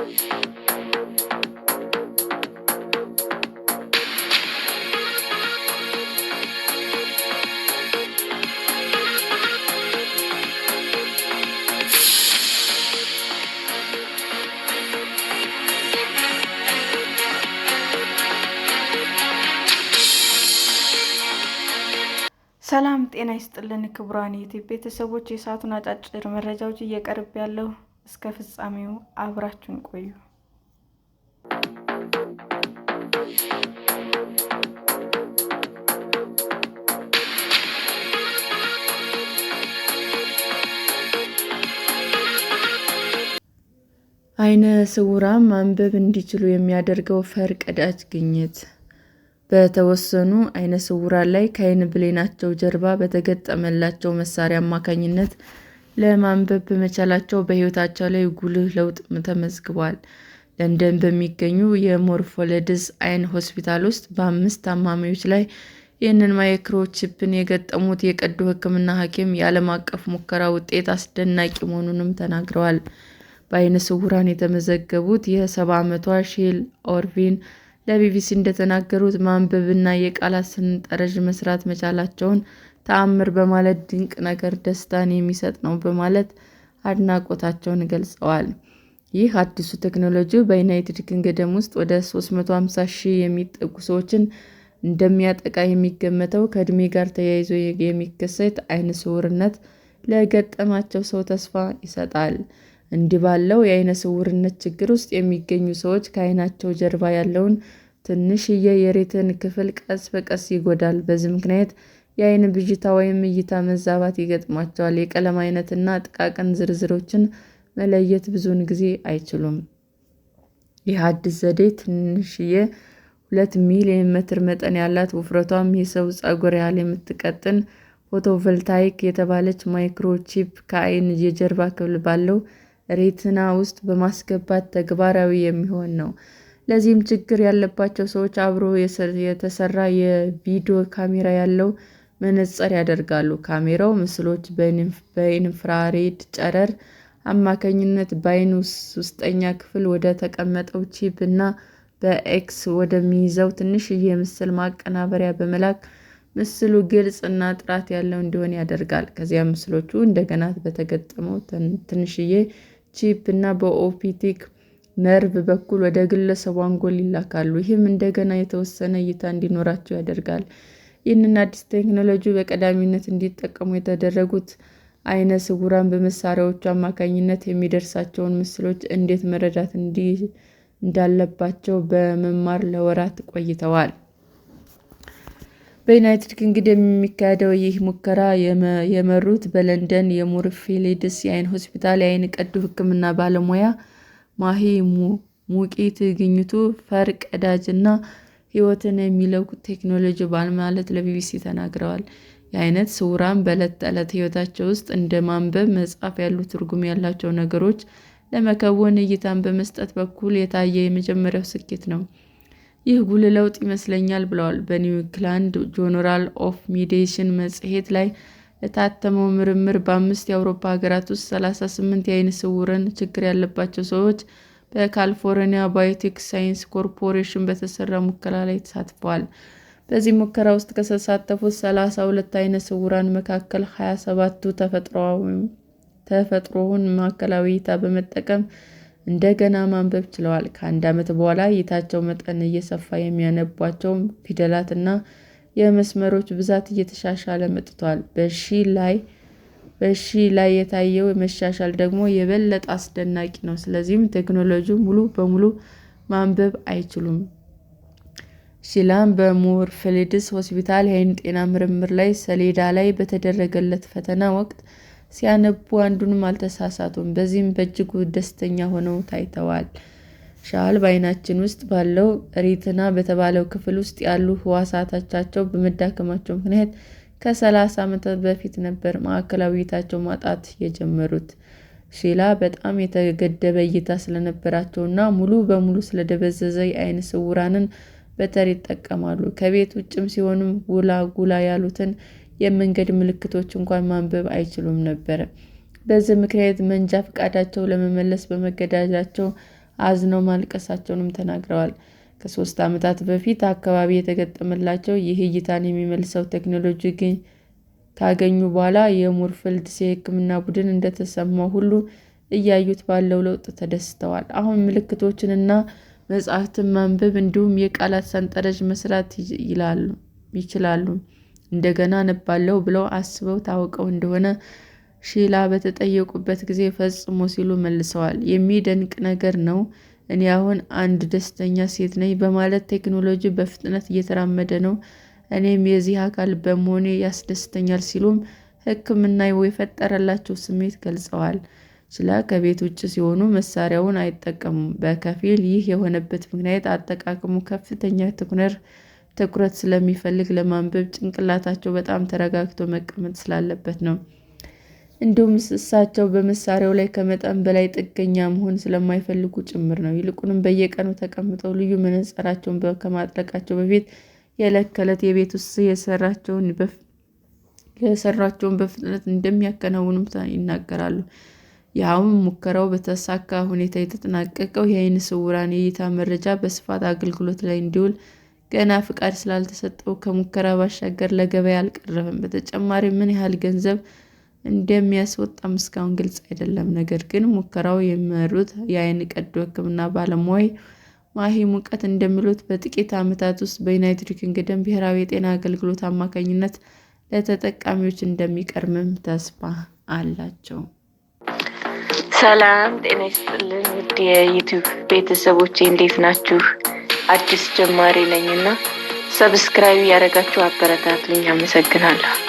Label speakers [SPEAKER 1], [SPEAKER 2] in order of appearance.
[SPEAKER 1] ሰላም ጤና ይስጥልን ክቡራን ዩቲዩብ ቤተሰቦች፣ የሰዓቱን አጫጭር መረጃዎች እየቀርብ ያለው እስከ ፍጻሜው አብራችን ቆዩ። አይነ ስውራን ማንበብ እንዲችሉ የሚያደርገው ፈር ቀዳጅ ግኝት። በተወሰኑ አይነ ስውራን ላይ ከዓይን ብሌናቸው ጀርባ በተገጠመላቸው መሳሪያ አማካኝነት ለማንበብ በመቻላቸው በሕይወታቸው ላይ ጉልህ ለውጥ ተመዝግቧል። ለንደን በሚገኙ የሞርፎለድስ አይን ሆስፒታል ውስጥ በአምስት ታማሚዎች ላይ ይህንን ማይክሮቺፕን የገጠሙት የቀዶ ሕክምና ሐኪም የዓለም አቀፍ ሙከራ ውጤት አስደናቂ መሆኑንም ተናግረዋል። በአይነ ስውራን የተመዘገቡት የ70 ዓመቷ ሼል ኦርቪን ለቢቢሲ እንደተናገሩት ማንበብና የቃላት ሰንጠረዥ መስራት መቻላቸውን ተአምር በማለት ድንቅ ነገር ደስታን የሚሰጥ ነው በማለት አድናቆታቸውን ገልጸዋል። ይህ አዲሱ ቴክኖሎጂ በዩናይትድ ኪንግደም ውስጥ ወደ 350 ሺህ የሚጠጉ ሰዎችን እንደሚያጠቃ የሚገመተው ከዕድሜ ጋር ተያይዞ የሚከሰት ዓይነ ስውርነት ለገጠማቸው ሰው ተስፋ ይሰጣል። እንዲህ ባለው የዓይነ ስውርነት ችግር ውስጥ የሚገኙ ሰዎች ከዓይናቸው ጀርባ ያለውን ትንሽዬ የሬትን ክፍል ቀስ በቀስ ይጎዳል። በዚህ ምክንያት የአይን ብዥታ ወይም እይታ መዛባት ይገጥማቸዋል። የቀለም አይነትና ጥቃቅን ዝርዝሮችን መለየት ብዙውን ጊዜ አይችሉም። ይህ አዲስ ዘዴ ትንሽዬ ሁለት ሚሊዮን ሜትር መጠን ያላት ውፍረቷም የሰው ፀጉር ያህል የምትቀጥን ፎቶቮልታይክ የተባለች ማይክሮቺፕ ከአይን የጀርባ ክፍል ባለው ሬትና ውስጥ በማስገባት ተግባራዊ የሚሆን ነው። ለዚህም ችግር ያለባቸው ሰዎች አብሮ የተሰራ የቪዲዮ ካሜራ ያለው መነጽር ያደርጋሉ። ካሜራው ምስሎች በኢንፍራሬድ ጨረር አማካኝነት በዓይን ውስጠኛ ክፍል ወደ ተቀመጠው ቺፕ እና በኤክስ ወደሚይዘው ትንሽዬ የምስል ማቀናበሪያ በመላክ ምስሉ ግልጽ እና ጥራት ያለው እንዲሆን ያደርጋል። ከዚያም ምስሎቹ እንደገና በተገጠመው ትንሽዬ ቺፕ እና በኦፕቲክ ነርቭ በኩል ወደ ግለሰቡ አንጎል ይላካሉ። ይህም እንደገና የተወሰነ እይታ እንዲኖራቸው ያደርጋል። ይህንን አዲስ ቴክኖሎጂ በቀዳሚነት እንዲጠቀሙ የተደረጉት አይነ ስውራን በመሳሪያዎቹ አማካኝነት የሚደርሳቸውን ምስሎች እንዴት መረዳት እንዳለባቸው በመማር ለወራት ቆይተዋል። በዩናይትድ ኪንግደም የሚካሄደው ይህ ሙከራ የመሩት በለንደን የሙርፊልድስ የአይን ሆስፒታል የአይን ቀዶ ሕክምና ባለሙያ ማሂ ሙቂ ትግኝቱ ፈር ቀዳጅ እና ሕይወትን የሚለውጥ ቴክኖሎጂ ባለማለት ለቢቢሲ ተናግረዋል። የአይነት ስውራን በዕለት ተዕለት ህይወታቸው ውስጥ እንደ ማንበብ፣ መጻፍ ያሉ ትርጉም ያላቸው ነገሮች ለመከወን እይታን በመስጠት በኩል የታየ የመጀመሪያው ስኬት ነው። ይህ ጉልህ ለውጥ ይመስለኛል ብለዋል። በኒውክላንድ ኢንግላንድ ጆርናል ኦፍ ሜዲሲን መጽሔት ላይ ለታተመው ምርምር በአምስት የአውሮፓ ሀገራት ውስጥ 38 የአይነ ስውርን ችግር ያለባቸው ሰዎች በካሊፎርኒያ ባዮቴክ ሳይንስ ኮርፖሬሽን በተሰራ ሙከራ ላይ ተሳትፈዋል። በዚህ ሙከራ ውስጥ ከተሳተፉት 32 ሁለት ስውራን መካከል 27 ቱ ተፈጥሮውን ማዕከላዊ እይታ በመጠቀም እንደገና ማንበብ ችለዋል። ከአንድ ዓመት በኋላ እይታቸው መጠን እየሰፋ የሚያነቧቸው እና የመስመሮች ብዛት እየተሻሻለ መጥቷል። በሺ ላይ በሺ ላይ የታየው መሻሻል ደግሞ የበለጠ አስደናቂ ነው። ስለዚህም ቴክኖሎጂ ሙሉ በሙሉ ማንበብ አይችሉም። ሺላም በሞርፊልድስ ሆስፒታል የዓይን ጤና ምርምር ላይ ሰሌዳ ላይ በተደረገለት ፈተና ወቅት ሲያነቡ አንዱንም አልተሳሳቱም። በዚህም በእጅጉ ደስተኛ ሆነው ታይተዋል። ሻል በአይናችን ውስጥ ባለው ሪትና በተባለው ክፍል ውስጥ ያሉ ህዋሳቶቻቸው በመዳከማቸው ምክንያት ከሰላሳ ዓመታት በፊት ነበር ማዕከላዊነታቸው ማጣት የጀመሩት። ሺላ በጣም የተገደበ እይታ ስለነበራቸው እና ሙሉ በሙሉ ስለደበዘዘ የአይነ ስውራንን በተር ይጠቀማሉ። ከቤት ውጭም ሲሆንም ጉላ ጉላ ያሉትን የመንገድ ምልክቶች እንኳን ማንበብ አይችሉም ነበር። በዚህ ምክንያት መንጃ ፈቃዳቸው ለመመለስ በመገዳጃቸው አዝነው ማልቀሳቸውንም ተናግረዋል። ከሶስት ዓመታት በፊት አካባቢ የተገጠመላቸው ይህ እይታን የሚመልሰው ቴክኖሎጂ ካገኙ በኋላ የሙርፊልድ የሕክምና ቡድን እንደተሰማው ሁሉ እያዩት ባለው ለውጥ ተደስተዋል። አሁን ምልክቶችን እና መጻሕፍትን ማንበብ እንዲሁም የቃላት ሰንጠረዥ መስራት ይችላሉ። እንደገና አነባለሁ ብለው አስበው ታውቀው እንደሆነ ሺላ በተጠየቁበት ጊዜ ፈጽሞ ሲሉ መልሰዋል። የሚደንቅ ነገር ነው። እኔ አሁን አንድ ደስተኛ ሴት ነኝ በማለት ቴክኖሎጂ በፍጥነት እየተራመደ ነው፣ እኔም የዚህ አካል በመሆኔ ያስደስተኛል ሲሉም ሕክምናው የፈጠረላቸው ስሜት ገልጸዋል። ችላ ከቤት ውጭ ሲሆኑ መሳሪያውን አይጠቀሙም። በከፊል ይህ የሆነበት ምክንያት አጠቃቀሙ ከፍተኛ ትኩረት ስለሚፈልግ ለማንበብ ጭንቅላታቸው በጣም ተረጋግቶ መቀመጥ ስላለበት ነው። እንዲሁም እሳቸው በመሳሪያው ላይ ከመጠን በላይ ጥገኛ መሆን ስለማይፈልጉ ጭምር ነው። ይልቁንም በየቀኑ ተቀምጠው ልዩ መነጽራቸውን ከማጥለቃቸው በፊት የዕለት ከዕለት የቤት ውስጥ የሰራቸውን በፍጥነት እንደሚያከናውኑም ይናገራሉ። ይኸውም ሙከራው በተሳካ ሁኔታ የተጠናቀቀው የአይን ስውራን የእይታ መረጃ በስፋት አገልግሎት ላይ እንዲውል ገና ፍቃድ ስላልተሰጠው ከሙከራ ባሻገር ለገበያ አልቀረበም። በተጨማሪ ምን ያህል ገንዘብ እንደሚያስወጣም እስካሁን ግልጽ አይደለም። ነገር ግን ሙከራው የሚመሩት የአይን ቀዶ ሕክምና ባለሙያ ማሂ ሙቀት እንደሚሉት በጥቂት ዓመታት ውስጥ በዩናይትድ ኪንግደም ብሔራዊ የጤና አገልግሎት አማካኝነት ለተጠቃሚዎች እንደሚቀርምም ተስፋ አላቸው።
[SPEAKER 2] ሰላም ጤና ይስጥልን ውድ የዩቱብ ቤተሰቦች እንዴት ናችሁ? አዲስ ጀማሪ ነኝና ሰብስክራይብ ያደረጋችሁ አበረታቱኝ። አመሰግናለሁ።